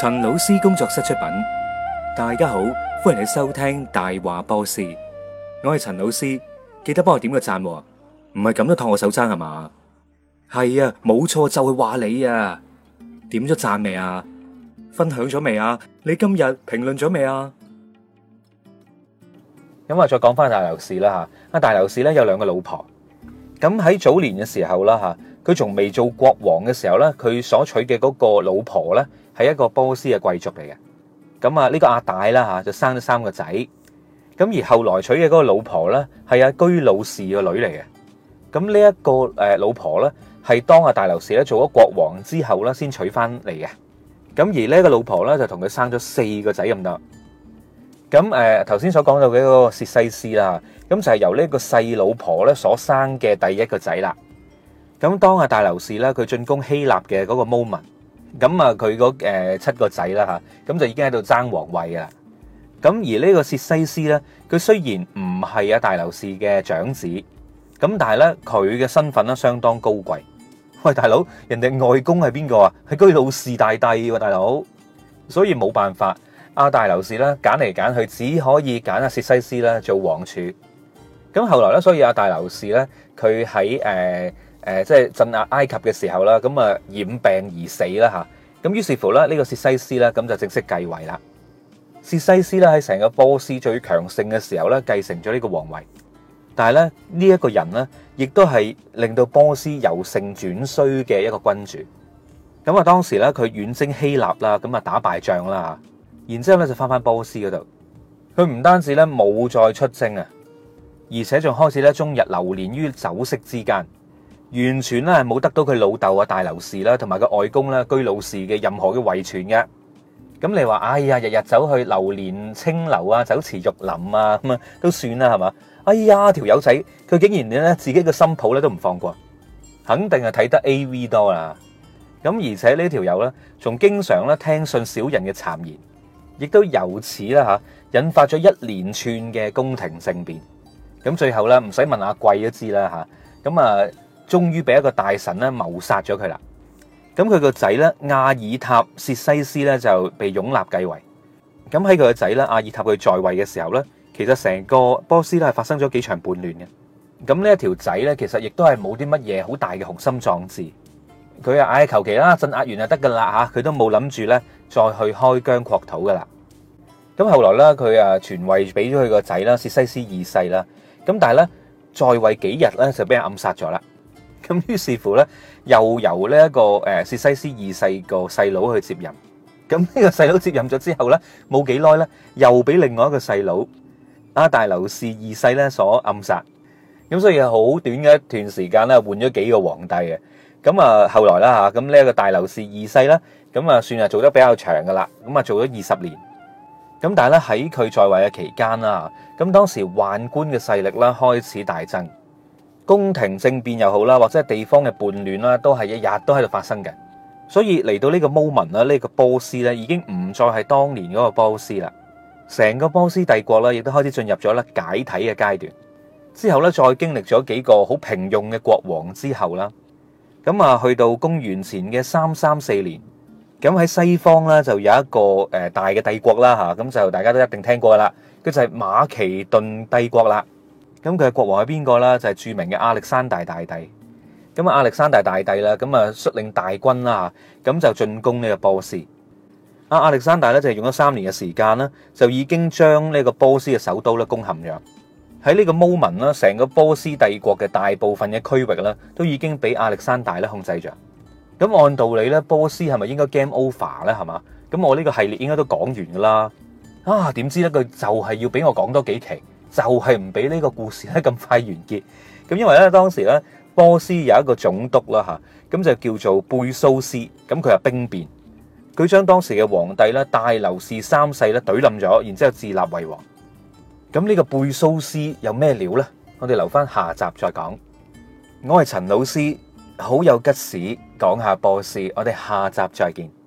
陳老師工作室出品，大家好，歡迎你收聽大話波斯，我係陳老師，記得幫我點個讚、哦，唔係咁都燙我手踭係嘛？係啊，冇錯，就會話你啊，點咗讚未啊？分享咗未啊？你今日評論咗未啊？咁啊，再講翻大流士啦吓，啊，大流士咧有兩個老婆，咁喺早年嘅時候啦吓。佢仲未做國王嘅時候咧，佢所娶嘅嗰個老婆咧，係一個波斯嘅貴族嚟嘅。咁啊，呢個阿大啦吓，就生咗三個仔。咁而後來娶嘅嗰個老婆咧，係阿居魯士嘅女嚟嘅。咁呢一個誒老婆咧，係當阿大流士咧做咗國王之後咧，先娶翻嚟嘅。咁而呢個老婆咧，就同佢生咗四個仔咁多。咁誒，頭先所講到嘅嗰個薛西斯啦，咁就係由呢個細老婆咧所生嘅第一個仔啦。咁當阿大流士咧，佢進攻希臘嘅嗰個 moment，咁啊佢嗰誒七個仔啦吓，咁就已經喺度爭皇位㗎啦。咁而呢個薛西斯咧，佢雖然唔係阿大流士嘅長子，咁但係咧佢嘅身份咧相當高貴。喂大佬，人哋外公係邊個啊？係居魯士大帝喎，大佬，所以冇辦法。阿大流士咧揀嚟揀去，只可以揀阿薛西斯咧做王儲。咁後來咧，所以阿大流士咧，佢喺誒。誒，即係鎮壓埃及嘅時候啦，咁啊染病而死啦嚇，咁於是乎呢個薛西斯啦，咁就正式繼位啦。薛西斯啦喺成個波斯最強盛嘅時候咧，繼承咗呢個皇位，但係咧呢一個人呢，亦都係令到波斯由盛轉衰嘅一個君主。咁啊，當時咧佢遠征希臘啦，咁啊打敗仗啦，然之後咧就翻翻波斯嗰度。佢唔單止咧冇再出征啊，而且仲開始咧終日流連於酒色之間。完全咧冇得到佢老豆啊大流士啦，同埋佢外公啦居魯士嘅任何嘅遺傳嘅。咁你話，哎呀，日日走去流連青樓啊，走瓷玉林啊，咁啊都算啦係嘛？哎呀，條友仔佢竟然咧自己嘅新抱咧都唔放過，肯定係睇得 AV 多啦。咁而且呢條友咧，仲經常咧聽信小人嘅讒言，亦都由此啦吓引發咗一連串嘅宮廷政變。咁最後咧，唔使問阿貴都知啦吓。咁啊。終於俾一個大臣咧謀殺咗佢啦！咁佢個仔咧亞爾塔薛西斯咧就被擁立繼位。咁喺佢個仔咧亞爾塔佢在位嘅時候咧，其實成個波斯咧係發生咗幾場叛亂嘅。咁呢一條仔咧其實亦都係冇啲乜嘢好大嘅雄心壯志。佢啊唉，求其啦，鎮壓完就得噶啦嚇，佢都冇諗住咧再去開疆擴土噶啦。咁後來咧佢啊傳位俾咗佢個仔啦薛西斯二世啦。咁但係咧在位幾日咧就俾人暗殺咗啦。咁於是乎咧，又由呢一個誒薛西斯二世個細佬去接任。咁呢個細佬接任咗之後咧，冇幾耐咧，又俾另外一個細佬阿大流士二世咧所暗殺。咁所以好短嘅一段時間咧，換咗幾個皇帝嘅。咁啊，後來啦嚇，咁呢一個大流士二世咧，咁啊算係做得比較長噶啦。咁啊做咗二十年。咁但係咧喺佢在位嘅期間啦，咁當時宦官嘅勢力咧開始大增。宮廷政變又好啦，或者係地方嘅叛亂啦，都係日日都喺度發生嘅。所以嚟到呢個 moment 啦，呢個波斯咧，已經唔再係當年嗰個波斯啦。成個波斯帝國咧，亦都開始進入咗咧解體嘅階段。之後咧，再經歷咗幾個好平庸嘅國王之後啦，咁啊，去到公元前嘅三三四年，咁喺西方咧就有一個誒大嘅帝國啦吓，咁就大家都一定聽過噶啦，佢就係馬其頓帝國啦。咁佢嘅國王係邊個啦？就係著名嘅亞歷山大大帝。咁啊，亞歷山大大帝啦，咁啊率領大軍啦，咁就進攻呢個波斯。阿亞歷山大咧就用咗三年嘅時間啦，就已經將呢個波斯嘅首都咧攻陷咗。喺呢個 moment 啦，成個波斯帝國嘅大部分嘅區域咧，都已經俾亞歷山大咧控制住。咁按道理咧，波斯係咪應該 game over 咧？係嘛？咁我呢個系列應該都講完噶啦。啊，點知咧佢就係要俾我講多幾期。就係唔俾呢個故事咧咁快完結，咁因為咧當時咧波斯有一個總督啦吓，咁就叫做貝蘇斯，咁佢係兵變，佢將當時嘅皇帝咧大流士三世咧懟冧咗，然之後自立為王。咁呢個貝蘇斯有咩料呢？我哋留翻下集再講。我係陳老師，好有吉事講下波斯，我哋下集再見。